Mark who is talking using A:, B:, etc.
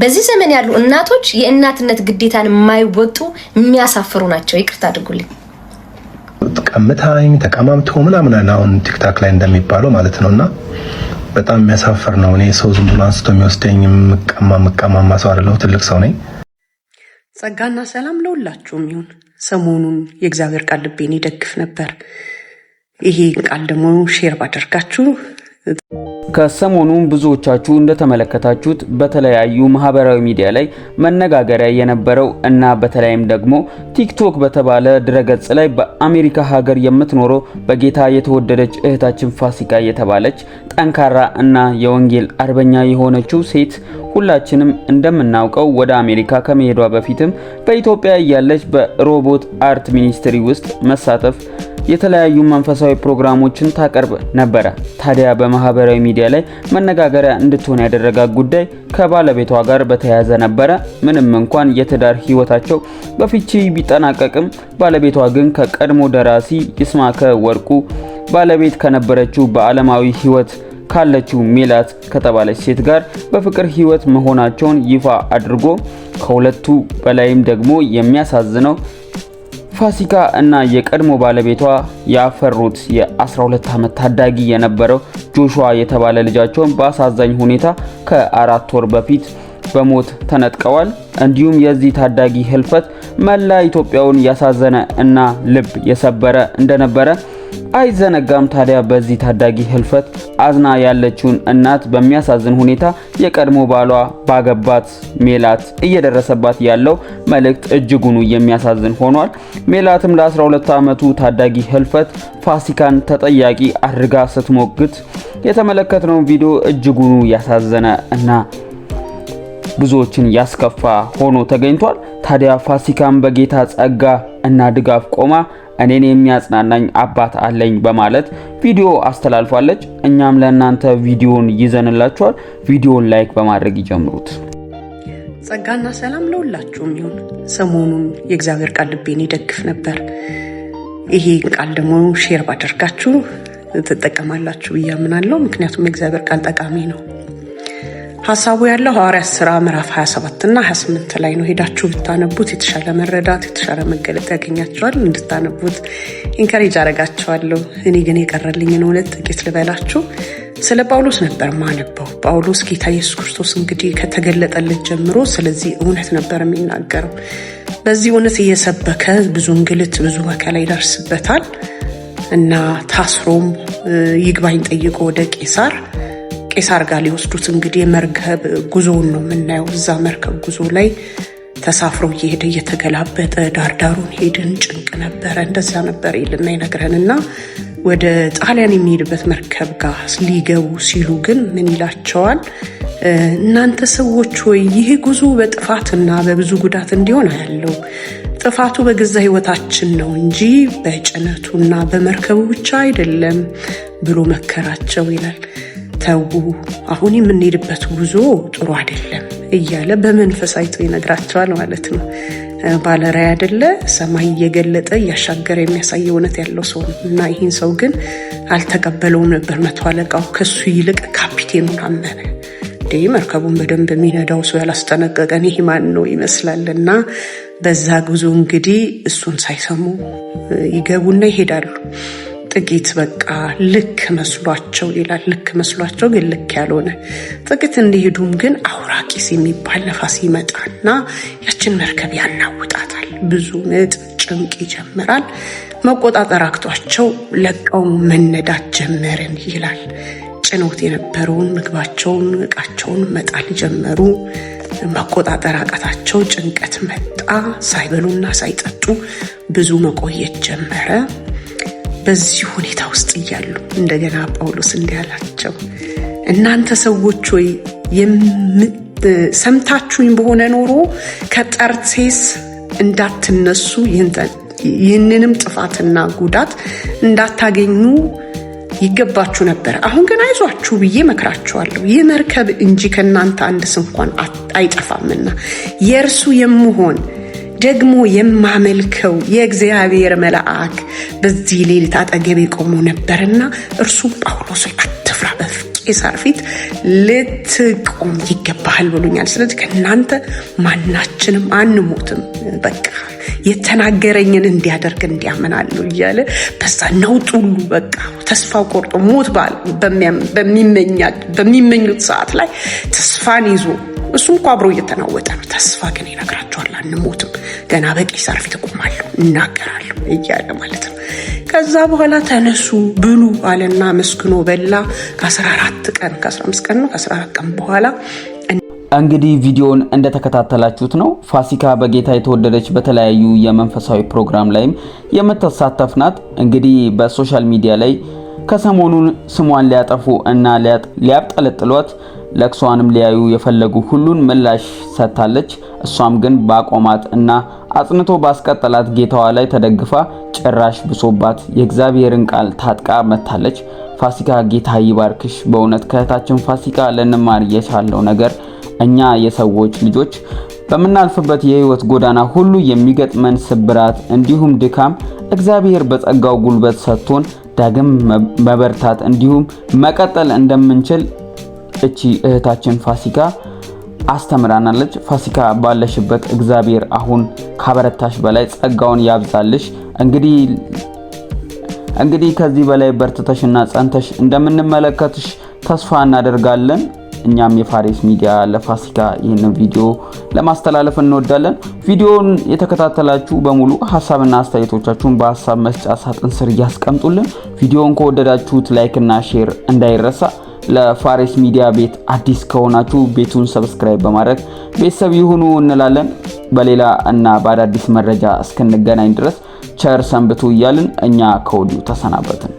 A: በዚህ ዘመን ያሉ እናቶች የእናትነት ግዴታን የማይወጡ የሚያሳፍሩ ናቸው። ይቅርታ አድርጉልኝ።
B: ቀምታኝ ተቀማምቶ ምናምን አሁን ቲክታክ ላይ እንደሚባለው ማለት ነው። እና በጣም የሚያሳፍር ነው። እኔ ሰው ዝም ብሎ አንስቶ የሚወስደኝ ምቀማ ምቀማማ ሰው አይደለሁ። ትልቅ ሰው ነኝ።
A: ጸጋና ሰላም ለሁላችሁም ይሁን። ሰሞኑን የእግዚአብሔር ቃል ልቤን ይደግፍ ነበር። ይሄ ቃል ደግሞ ሼር ባደርጋችሁ
C: ከሰሞኑም ብዙዎቻችሁ እንደተመለከታችሁት በተለያዩ ማህበራዊ ሚዲያ ላይ መነጋገሪያ የነበረው እና በተለይም ደግሞ ቲክቶክ በተባለ ድረገጽ ላይ በአሜሪካ ሀገር የምትኖረው በጌታ የተወደደች እህታችን ፋሲካ የተባለች ጠንካራ እና የወንጌል አርበኛ የሆነችው ሴት ሁላችንም እንደምናውቀው ወደ አሜሪካ ከመሄዷ በፊትም በኢትዮጵያ እያለች በሮቦት አርት ሚኒስትሪ ውስጥ መሳተፍ የተለያዩ መንፈሳዊ ፕሮግራሞችን ታቀርብ ነበረ። ታዲያ በማህበራዊ ሚዲያ ላይ መነጋገሪያ እንድትሆን ያደረጋት ጉዳይ ከባለቤቷ ጋር በተያያዘ ነበረ። ምንም እንኳን የትዳር ህይወታቸው በፍቺ ቢጠናቀቅም ባለቤቷ ግን ከቀድሞ ደራሲ ይስማከ ወርቁ ባለቤት ከነበረችው በዓለማዊ ህይወት ካለችው ሜላት ከተባለች ሴት ጋር በፍቅር ህይወት መሆናቸውን ይፋ አድርጎ ከሁለቱ በላይም ደግሞ የሚያሳዝነው ፋሲካ እና የቀድሞ ባለቤቷ ያፈሩት የ12 ዓመት ታዳጊ የነበረው ጆሹዋ የተባለ ልጃቸውን በአሳዛኝ ሁኔታ ከአራት ወር በፊት በሞት ተነጥቀዋል። እንዲሁም የዚህ ታዳጊ ህልፈት መላ ኢትዮጵያውን ያሳዘነ እና ልብ የሰበረ እንደነበረ አይዘነጋም ታዲያ በዚህ ታዳጊ ህልፈት አዝና ያለችውን እናት በሚያሳዝን ሁኔታ የቀድሞ ባሏ ባገባት ሜላት እየደረሰባት ያለው መልእክት እጅጉኑ የሚያሳዝን ሆኗል። ሜላትም ለ12 ዓመቱ ታዳጊ ህልፈት ፋሲካን ተጠያቂ አድርጋ ስትሞግት የተመለከትነው ቪዲዮ እጅጉኑ ያሳዘነ እና ብዙዎችን ያስከፋ ሆኖ ተገኝቷል። ታዲያ ፋሲካን በጌታ ጸጋ እና ድጋፍ ቆማ እኔን የሚያጽናናኝ አባት አለኝ በማለት ቪዲዮ አስተላልፋለች። እኛም ለእናንተ ቪዲዮን ይዘንላችኋል። ቪዲዮን ላይክ በማድረግ ይጀምሩት።
A: ጸጋና ሰላም ለሁላችሁም ይሁን። ሰሞኑን የእግዚአብሔር ቃል ልቤን ይደግፍ ነበር። ይሄ ቃል ደግሞ ሼር ባደርጋችሁ ትጠቀማላችሁ ብዬ አምናለሁ። ምክንያቱም የእግዚአብሔር ቃል ጠቃሚ ነው። ሀሳቡ ያለው ሐዋርያት ስራ ምዕራፍ 27 እና 28 ላይ ነው። ሄዳችሁ ብታነቡት የተሻለ መረዳት፣ የተሻለ መገለጥ ያገኛቸዋል። እንድታነቡት ኢንከሬጅ አረጋቸዋለሁ። እኔ ግን የቀረልኝን እውነት ጥቂት ልበላችሁ። ስለ ጳውሎስ ነበር ማነበው። ጳውሎስ ጌታ ኢየሱስ ክርስቶስ እንግዲህ ከተገለጠለት ጀምሮ ስለዚህ እውነት ነበር የሚናገረው። በዚህ እውነት እየሰበከ ብዙ እንግልት፣ ብዙ መከላ ይደርስበታል እና ታስሮም ይግባኝ ጠይቆ ወደ ቄሳር ቄስ አርጋ ሊወስዱት እንግዲህ የመርከብ ጉዞውን ነው የምናየው። እዛ መርከብ ጉዞ ላይ ተሳፍሮ እየሄደ እየተገላበጠ ዳርዳሩን ሄድን፣ ጭንቅ ነበረ፣ እንደዛ ነበር ይልና ይነግረን እና ወደ ጣሊያን የሚሄድበት መርከብ ጋር ሊገቡ ሲሉ ግን ምን ይላቸዋል? እናንተ ሰዎች ሆይ ይህ ጉዞ በጥፋትና በብዙ ጉዳት እንዲሆን አያለው። ጥፋቱ በገዛ ሕይወታችን ነው እንጂ በጭነቱና በመርከቡ ብቻ አይደለም ብሎ መከራቸው ይላል። ተዉ አሁን የምንሄድበት ጉዞ ጥሩ አይደለም እያለ በመንፈስ አይቶ ይነግራቸዋል ማለት ነው። ባለራይ አይደለ ሰማይ እየገለጠ እያሻገረ የሚያሳይ እውነት ያለው ሰው ነው እና ይህን ሰው ግን አልተቀበለውም ነበር። መቶ አለቃው ከሱ ይልቅ ካፒቴኑን አመነ። እንዴ መርከቡን በደንብ የሚነዳው ሰው ያላስጠነቀቀን ይህ ማን ነው ይመስላል። እና በዛ ጉዞ እንግዲህ እሱን ሳይሰሙ ይገቡና ይሄዳሉ። ጥቂት በቃ ልክ መስሏቸው ይላል። ልክ መስሏቸው ግን ልክ ያልሆነ ጥቂት እንዲሄዱም ግን አውራቂስ የሚባል ነፋስ ይመጣና ያችን መርከብ ያናውጣታል። ብዙ ምጥ ጭንቅ ይጀምራል። መቆጣጠር አቅቷቸው ለቀው መነዳት ጀመርን ይላል። ጭኖት የነበረውን ምግባቸውን፣ እቃቸውን መጣል ጀመሩ። መቆጣጠር አቃታቸው። ጭንቀት መጣ። ሳይበሉና ሳይጠጡ ብዙ መቆየት ጀመረ። በዚህ ሁኔታ ውስጥ እያሉ እንደገና ጳውሎስ እንዲህ አላቸው፣ እናንተ ሰዎች ወይ ሰምታችሁኝ በሆነ ኖሮ ከጠርሴስ እንዳትነሱ ይህንንም ጥፋትና ጉዳት እንዳታገኙ ይገባችሁ ነበር። አሁን ግን አይዟችሁ ብዬ መክራችኋለሁ። ይህ መርከብ እንጂ ከእናንተ አንድ ስንኳን አይጠፋምና የእርሱ የምሆን ደግሞ የማመልከው የእግዚአብሔር መልአክ በዚህ ሌሊት አጠገቤ ቆሞ ነበርና እርሱ ጳውሎስ አትፍራ፣ በቄሳር ፊት ልትቆም ይገባሃል ብሎኛል። ስለዚህ ከእናንተ ማናችንም አንሞትም፣ በቃ የተናገረኝን እንዲያደርግ እንዲያምናሉ እያለ በዛ ነውጥ ሁሉ በቃ ተስፋ ቆርጦ ሞት በሚመኙት ሰዓት ላይ ተስፋን ይዞ እሱም እኮ አብሮ እየተናወጠ ነው። ተስፋ ግን ይነግራቸዋል። አንሞትም፣ ገና በቄሳር ፊት እቆማለሁ፣ እናገራለሁ እያለ ማለት ነው። ከዛ በኋላ ተነሱ ብሉ አለና መስክኖ በላ። ከ14 ቀን ከ15 ቀን ነው ከ14 ቀን በኋላ
C: እንግዲህ ቪዲዮውን እንደተከታተላችሁት ነው። ፋሲካ በጌታ የተወደደች በተለያዩ የመንፈሳዊ ፕሮግራም ላይም የምትሳተፍ ናት። እንግዲህ በሶሻል ሚዲያ ላይ ከሰሞኑን ስሟን ሊያጠፉ እና ሊያብጠለጥሏት ለቅሷንም ሊያዩ የፈለጉ ሁሉን ምላሽ ሰጥታለች። እሷም ግን ባቆማት እና አጽንቶ ባስቀጠላት ጌታዋ ላይ ተደግፋ ጭራሽ ብሶባት የእግዚአብሔርን ቃል ታጥቃ መታለች። ፋሲካ ጌታ ይባርክሽ። በእውነት ከእህታችን ፋሲካ ልንማር የቻለው ነገር እኛ የሰዎች ልጆች በምናልፍበት የህይወት ጎዳና ሁሉ የሚገጥመን ስብራት እንዲሁም ድካም እግዚአብሔር በጸጋው ጉልበት ሰጥቶን ዳግም መበርታት እንዲሁም መቀጠል እንደምንችል እቺ እህታችን ፋሲካ አስተምራናለች። ፋሲካ ባለሽበት እግዚአብሔር አሁን ካበረታሽ በላይ ጸጋውን ያብዛልሽ። እንግዲህ እንግዲህ ከዚህ በላይ በርትተሽና ጸንተሽ እንደምንመለከትሽ ተስፋ እናደርጋለን። እኛም የፋሬስ ሚዲያ ለፋሲካ ይህንን ቪዲዮ ለማስተላለፍ እንወዳለን። ቪዲዮውን የተከታተላችሁ በሙሉ ሀሳብና አስተያየቶቻችሁን በሀሳብ መስጫ ሳጥን ስር እያስቀምጡልን። ቪዲዮውን ከወደዳችሁት ላይክና ሼር እንዳይረሳ ለፋሬስ ሚዲያ ቤት አዲስ ከሆናችሁ ቤቱን ሰብስክራይብ በማድረግ ቤተሰብ ይሁኑ እንላለን። በሌላ እና በአዳዲስ መረጃ እስክንገናኝ ድረስ ቸር ሰንብቱ እያልን እኛ ከወዲሁ ተሰናበትን።